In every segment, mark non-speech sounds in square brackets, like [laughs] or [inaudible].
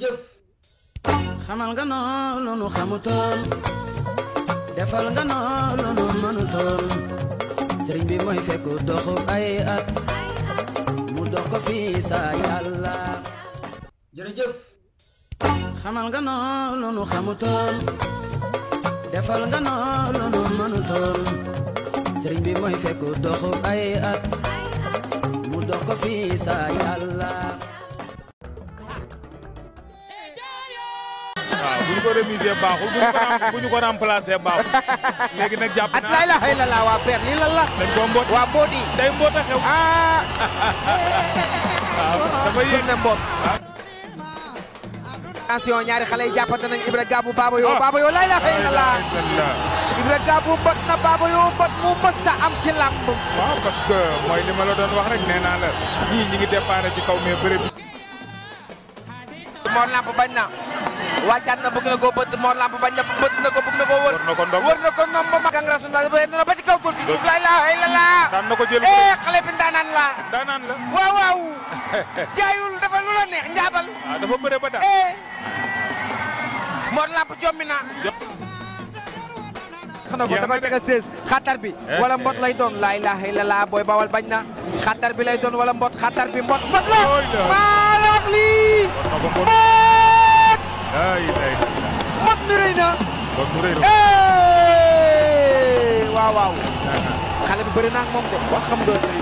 jërëjëf xamal nga noo lu defal nga noo lu nu mënutoon sëriñ bi mooy fekk doxu ay at mu defal nga noo lu nu mënutoon bi mooy fekk doxu ay at mu dox ko fii sa yàlla ñu ko remiser baaxul bu ñu ko remplacer baaxul léegi nag jàpp naa at la waa père lii dañ ko mboot waa mboot day mboot a xew ah [laughs] dafa yéeg ne mboot attention ñaari xale yi jàppante nañ Ibra Gabou Baba Yo ah. Baba Yo la ilaha Ibra Gabou bot na Baba Yo bot mu mësta am ci làmb waaw parce que mooy li ma la doon wax nee naa la ñii ñi ngi déparé ci kaw moo làmb bañ na wàccaat na bëgg na koo bëtt Mor Lamp bañ na bëtt na ko bëgg na koo wër wër na ko ndomb ma gang rasu na na ba ci kaw góor gi duf la ilaha illallah daan eh, bi ndaanaan la ndaanaan la waaw jaayul dafa lu la njaabal [laughs] ah, dafa bëre eh. Lamp jommi na xanaa ko da koy xatar bi eh. wala mbot lay doon la ilaha illallah booy bawal bañ na xatar bi lay doon wala mbot xatar bi mbot mbot la maa la waaw waaw. xale bi bëri naa moom de wax xam doon lay.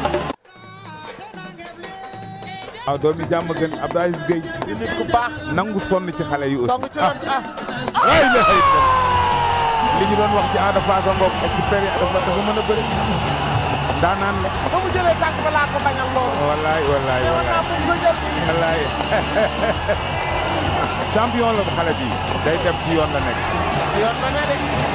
waaw doomi jàmm gën Abdou Aziz di nit ku baax nangu sonn ci xale yi aussi sonn ah. ah. la xëy li ñu doon wax ci Ada Fass a ngoog expert dafa mën a bëri daanaan la ba mu jëlee tànk ko bañal lool wallaay wallaay wallaay [laughs] champion la bu xale bi day dem ci yoon nekk yoon ba na de